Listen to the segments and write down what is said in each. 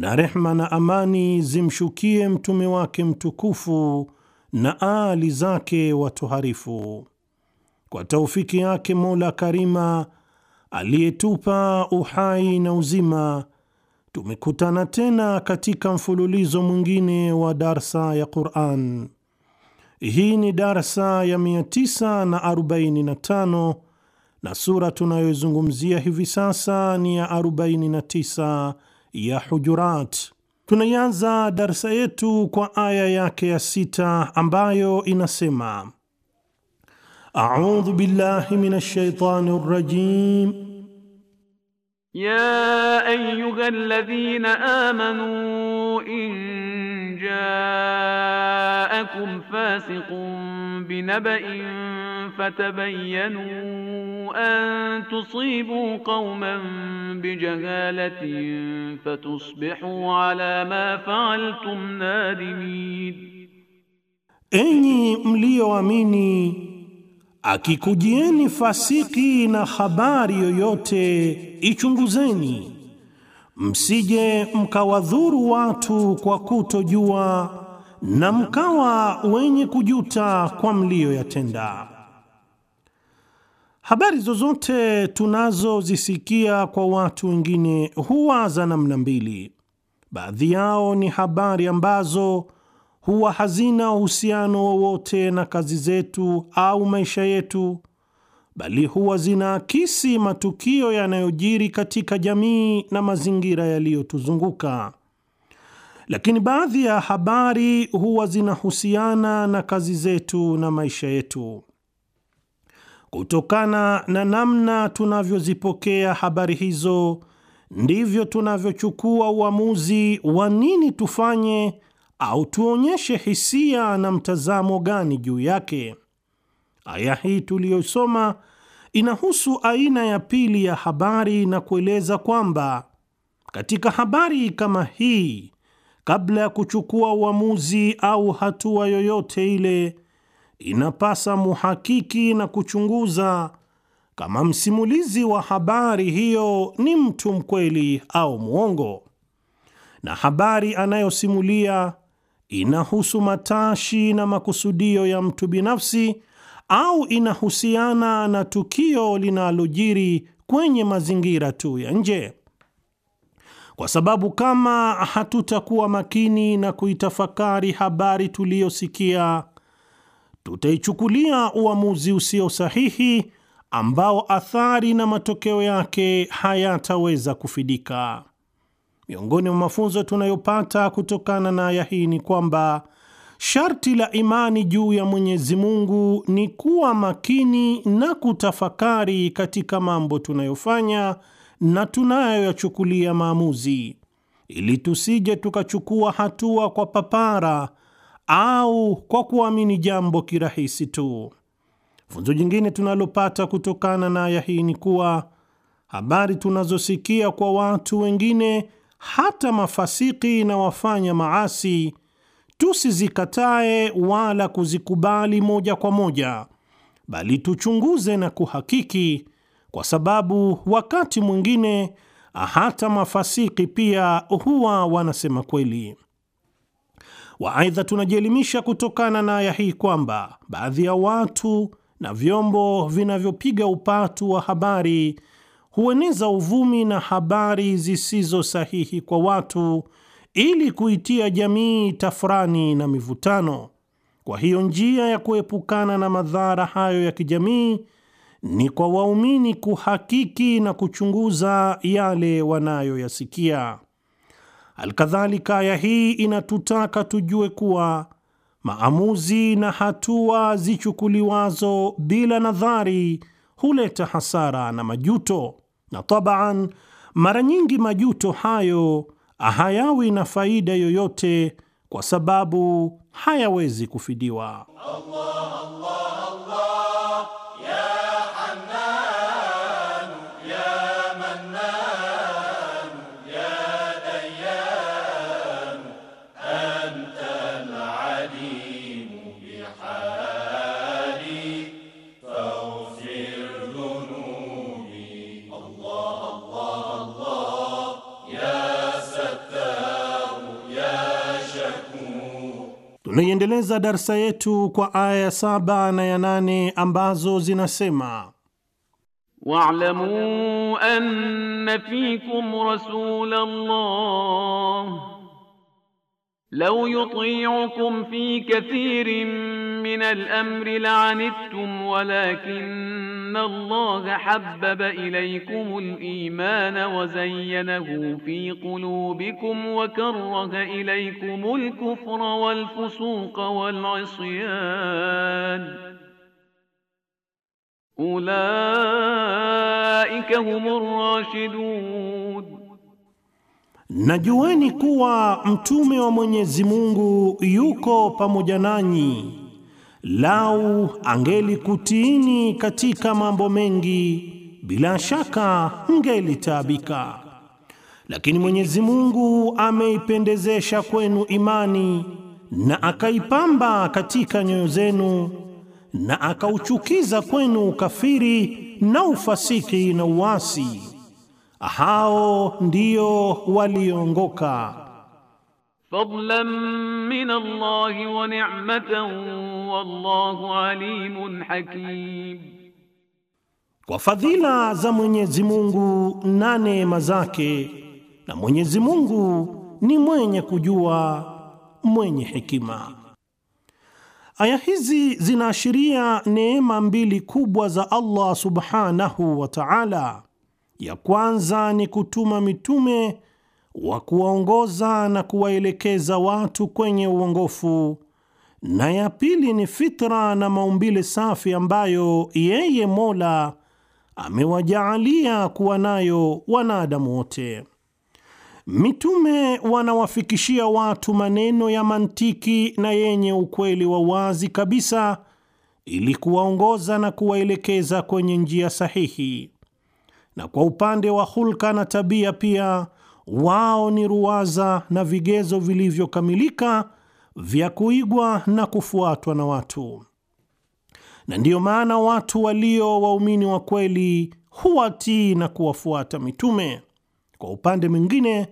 na rehma na amani zimshukie mtume wake mtukufu na aali zake watoharifu. Kwa taufiki yake Mola Karima aliyetupa uhai na uzima, tumekutana tena katika mfululizo mwingine wa darsa ya Quran. Hii ni darsa ya 945 na na sura tunayoizungumzia hivi sasa ni ya 49 ya Hujurat. Tunaianza darsa yetu kwa aya yake ya sita ambayo inasema audhu billahi minash shaitani rajim ya ayyuhalladhina amanu in جاءكم فاسق بنبأ فتبينوا أن تصيبوا قوما بجهالة فتصبحوا على ما فعلتم نادمين أني mlioamini, أميني fasiki فاسقي نخباري يوتي ichunguzeni msije mkawadhuru watu kwa kutojua na mkawa wenye kujuta kwa mliyoyatenda. Habari zozote tunazozisikia kwa watu wengine huwa za namna mbili. Baadhi yao ni habari ambazo huwa hazina uhusiano wowote na kazi zetu au maisha yetu, bali huwa zinaakisi matukio yanayojiri katika jamii na mazingira yaliyotuzunguka. Lakini baadhi ya habari huwa zinahusiana na kazi zetu na maisha yetu. Kutokana na namna tunavyozipokea habari hizo, ndivyo tunavyochukua uamuzi wa nini tufanye au tuonyeshe hisia na mtazamo gani juu yake. Aya hii tuliyosoma inahusu aina ya pili ya habari na kueleza kwamba katika habari kama hii, kabla ya kuchukua uamuzi au hatua yoyote ile, inapasa muhakiki na kuchunguza kama msimulizi wa habari hiyo ni mtu mkweli au mwongo, na habari anayosimulia inahusu matashi na makusudio ya mtu binafsi au inahusiana na tukio linalojiri kwenye mazingira tu ya nje? Kwa sababu kama hatutakuwa makini na kuitafakari habari tuliyosikia, tutaichukulia uamuzi usio sahihi ambao athari na matokeo yake hayataweza kufidika. Miongoni mwa mafunzo tunayopata kutokana na aya hii ni kwamba Sharti la imani juu ya Mwenyezi Mungu ni kuwa makini na kutafakari katika mambo tunayofanya na tunayoyachukulia maamuzi, ili tusije tukachukua hatua kwa papara au kwa kuamini jambo kirahisi tu. Funzo jingine tunalopata kutokana na aya hii ni kuwa habari tunazosikia kwa watu wengine, hata mafasiki na wafanya maasi tusizikatae wala kuzikubali moja kwa moja, bali tuchunguze na kuhakiki, kwa sababu wakati mwingine hata mafasiki pia huwa wanasema kweli. Waaidha, tunajielimisha kutokana na aya hii kwamba baadhi ya watu na vyombo vinavyopiga upatu wa habari hueneza uvumi na habari zisizo sahihi kwa watu ili kuitia jamii tafrani na mivutano. Kwa hiyo njia ya kuepukana na madhara hayo ya kijamii ni kwa waumini kuhakiki na kuchunguza yale wanayoyasikia. Alkadhalika, aya hii inatutaka tujue kuwa maamuzi na hatua zichukuliwazo bila nadhari huleta hasara na majuto, na tabaan, mara nyingi majuto hayo hayawi na faida yoyote kwa sababu hayawezi kufidiwa Allah. Tunaiendeleza darsa yetu kwa aya ya saba na ya nane ambazo zinasema wa'lamu anna fikum rasulallah لو يطيعكم في كثير من الأمر لعنتم ولكن الله حبب إليكم الإيمان وزينه في قلوبكم وكره إليكم الكفر والفسوق والعصيان أولئك هم الراشدون Najueni kuwa mtume wa Mwenyezi Mungu yuko pamoja nanyi, lau angelikutiini katika mambo mengi, bila shaka mngelitaabika, lakini Mwenyezi Mungu ameipendezesha kwenu imani na akaipamba katika nyoyo zenu na akauchukiza kwenu ukafiri na ufasiki na uasi hao ndio waliongoka. Fadlan min Allah wa ni'matan wallahu alimun hakim, kwa fadhila za Mwenyezi Mungu na neema zake, na Mwenyezi Mungu ni mwenye kujua, mwenye hekima. Aya hizi zinaashiria neema mbili kubwa za Allah subhanahu wa ta'ala ya kwanza ni kutuma mitume wa kuwaongoza na kuwaelekeza watu kwenye uongofu, na ya pili ni fitra na maumbile safi ambayo yeye Mola amewajaalia kuwa nayo wanadamu wote. Mitume wanawafikishia watu maneno ya mantiki na yenye ukweli wa wazi kabisa ili kuwaongoza na kuwaelekeza kwenye njia sahihi na kwa upande wa hulka na tabia pia wao ni ruwaza na vigezo vilivyokamilika vya kuigwa na kufuatwa na watu, na ndiyo maana watu walio waumini wa kweli huwatii na kuwafuata mitume. Kwa upande mwingine,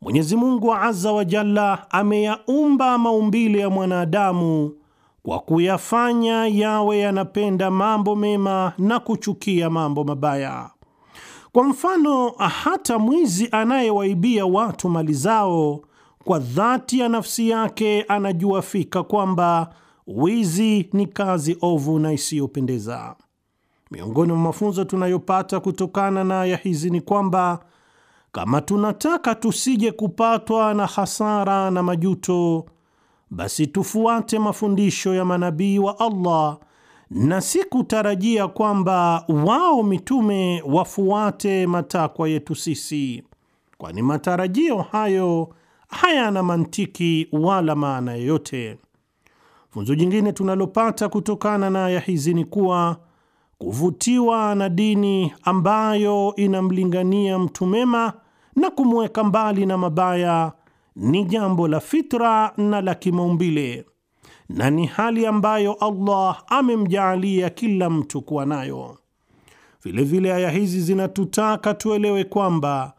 Mwenyezi Mungu Azza wa Jalla ameyaumba maumbile ya mwanadamu kwa kuyafanya yawe yanapenda mambo mema na kuchukia mambo mabaya. Kwa mfano, hata mwizi anayewaibia watu mali zao kwa dhati ya nafsi yake anajua fika kwamba wizi ni kazi ovu na isiyopendeza. Miongoni mwa mafunzo tunayopata kutokana na aya hizi ni kwamba kama tunataka tusije kupatwa na hasara na majuto, basi tufuate mafundisho ya manabii wa Allah na si kutarajia kwamba wao mitume wafuate matakwa yetu sisi, kwani matarajio hayo hayana mantiki wala maana yoyote. Funzo jingine tunalopata kutokana na aya hizi ni kuwa kuvutiwa na dini ambayo inamlingania mtu mema na kumweka mbali na mabaya ni jambo la fitra na la kimaumbile na ni hali ambayo Allah amemjaalia kila mtu kuwa nayo. Vilevile aya hizi zinatutaka tuelewe kwamba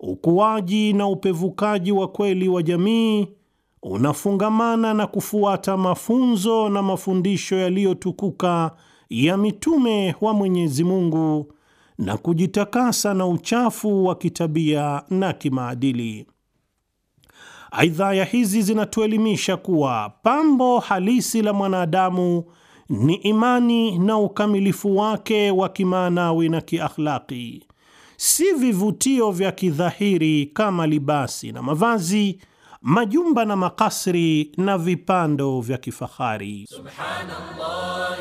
ukuaji na upevukaji wa kweli wa jamii unafungamana na kufuata mafunzo na mafundisho yaliyotukuka ya mitume wa Mwenyezi Mungu na kujitakasa na uchafu wa kitabia na kimaadili. Aidha, hizi zinatuelimisha kuwa pambo halisi la mwanadamu ni imani na ukamilifu wake wa kimaanawi na kiakhlaki, si vivutio vya kidhahiri kama libasi na mavazi, majumba na makasri na vipando vya kifahari. Subhanallah.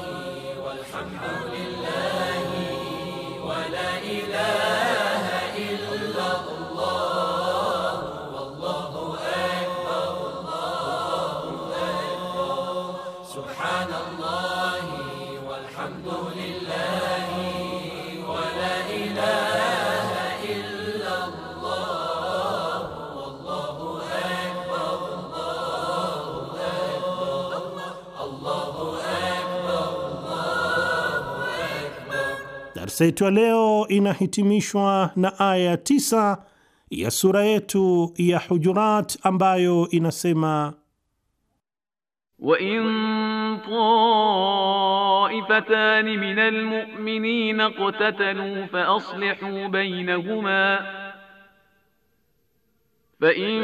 Darsa yetu ya leo inahitimishwa na aya tisa ya sura yetu ya Hujurat ambayo inasema وإن طائفتان من المؤمنين اقتتلوا فأصلحوا بينهما فإن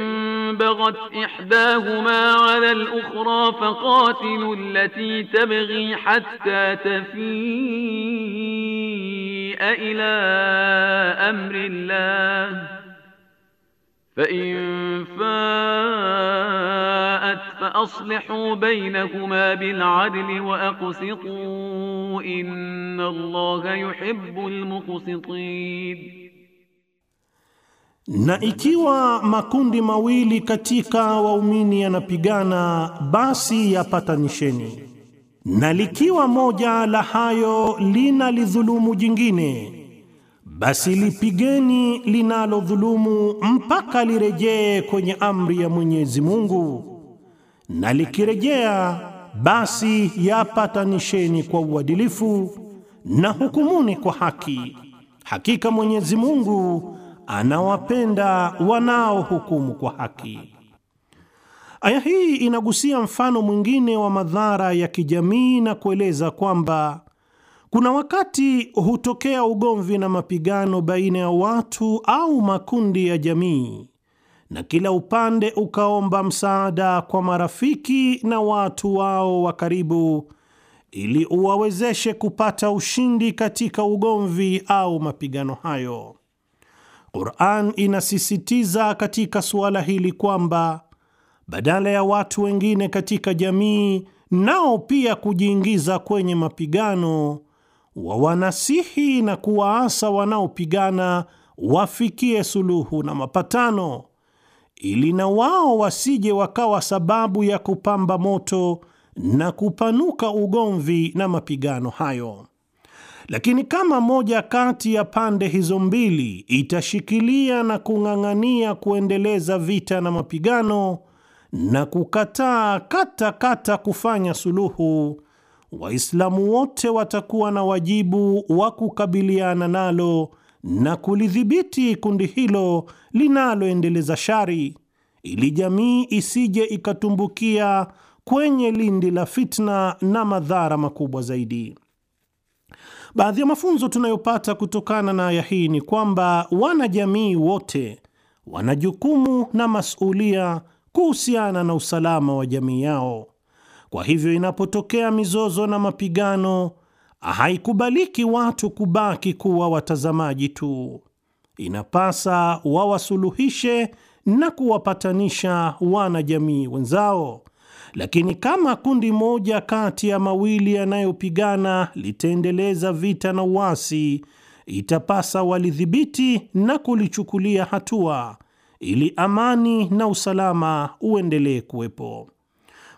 بغت إحداهما على الأخرى فقاتلوا التي تبغي حتى تفيء ila amri llah fain faat faaslihu bainahuma biladli waaksitu inna llaha yuhibu lmuksitin, na ikiwa makundi mawili katika waumini yanapigana, basi yapatanisheni na likiwa moja la hayo linalidhulumu jingine, basi lipigeni linalodhulumu mpaka lirejee kwenye amri ya Mwenyezi Mungu, na likirejea, basi yapatanisheni kwa uadilifu na hukumuni kwa haki. Hakika Mwenyezi Mungu anawapenda wanaohukumu kwa haki. Aya hii inagusia mfano mwingine wa madhara ya kijamii na kueleza kwamba kuna wakati hutokea ugomvi na mapigano baina ya watu au makundi ya jamii, na kila upande ukaomba msaada kwa marafiki na watu wao wa karibu ili uwawezeshe kupata ushindi katika ugomvi au mapigano hayo. Qur'an inasisitiza katika suala hili kwamba badala ya watu wengine katika jamii nao pia kujiingiza kwenye mapigano, wawanasihi na kuwaasa wanaopigana wafikie suluhu na mapatano, ili na wao wasije wakawa sababu ya kupamba moto na kupanuka ugomvi na mapigano hayo. Lakini kama moja kati ya pande hizo mbili itashikilia na kung'ang'ania kuendeleza vita na mapigano na kukataa kata kata kufanya suluhu, Waislamu wote watakuwa na wajibu wa kukabiliana nalo na kulidhibiti kundi hilo linaloendeleza shari, ili jamii isije ikatumbukia kwenye lindi la fitna na madhara makubwa zaidi. Baadhi ya mafunzo tunayopata kutokana na aya hii ni kwamba wanajamii wote wana jukumu na masulia kuhusiana na usalama wa jamii yao. Kwa hivyo, inapotokea mizozo na mapigano, haikubaliki watu kubaki kuwa watazamaji tu. Inapasa wawasuluhishe na kuwapatanisha wanajamii wenzao. Lakini kama kundi moja kati ya mawili yanayopigana litaendeleza vita na uasi, itapasa walidhibiti na kulichukulia hatua ili amani na usalama uendelee kuwepo.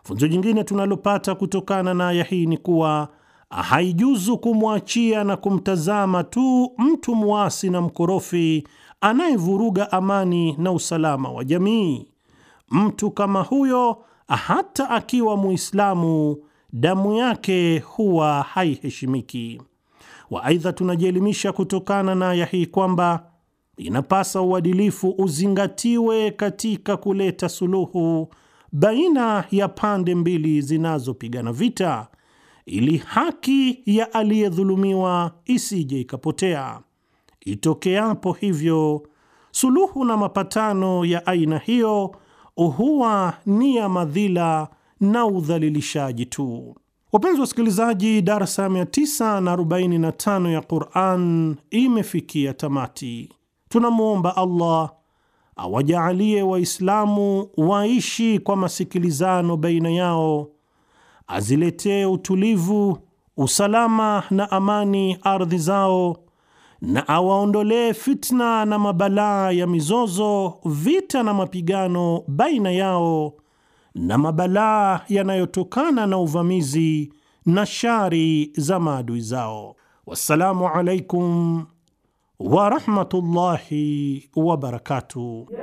Funzo jingine tunalopata kutokana na aya hii ni kuwa haijuzu kumwachia na kumtazama tu mtu mwasi na mkorofi anayevuruga amani na usalama wa jamii. Mtu kama huyo, hata akiwa Muislamu, damu yake huwa haiheshimiki. Waaidha, tunajielimisha kutokana na aya hii kwamba inapasa uadilifu uzingatiwe katika kuleta suluhu baina ya pande mbili zinazopigana vita, ili haki ya aliyedhulumiwa isije ikapotea. Itokeapo hivyo, suluhu na mapatano ya aina hiyo huwa ni ya madhila na udhalilishaji tu. Wapenzi wasikilizaji, darsa 945 ya Qur'an imefikia tamati. Tunamwomba Allah awajaalie Waislamu waishi kwa masikilizano baina yao, aziletee utulivu, usalama na amani ardhi zao, na awaondolee fitna na mabalaa ya mizozo, vita na mapigano baina yao, na mabalaa yanayotokana na uvamizi na shari za maadui zao. Wassalamu alaikum ورحمه الله وبركاته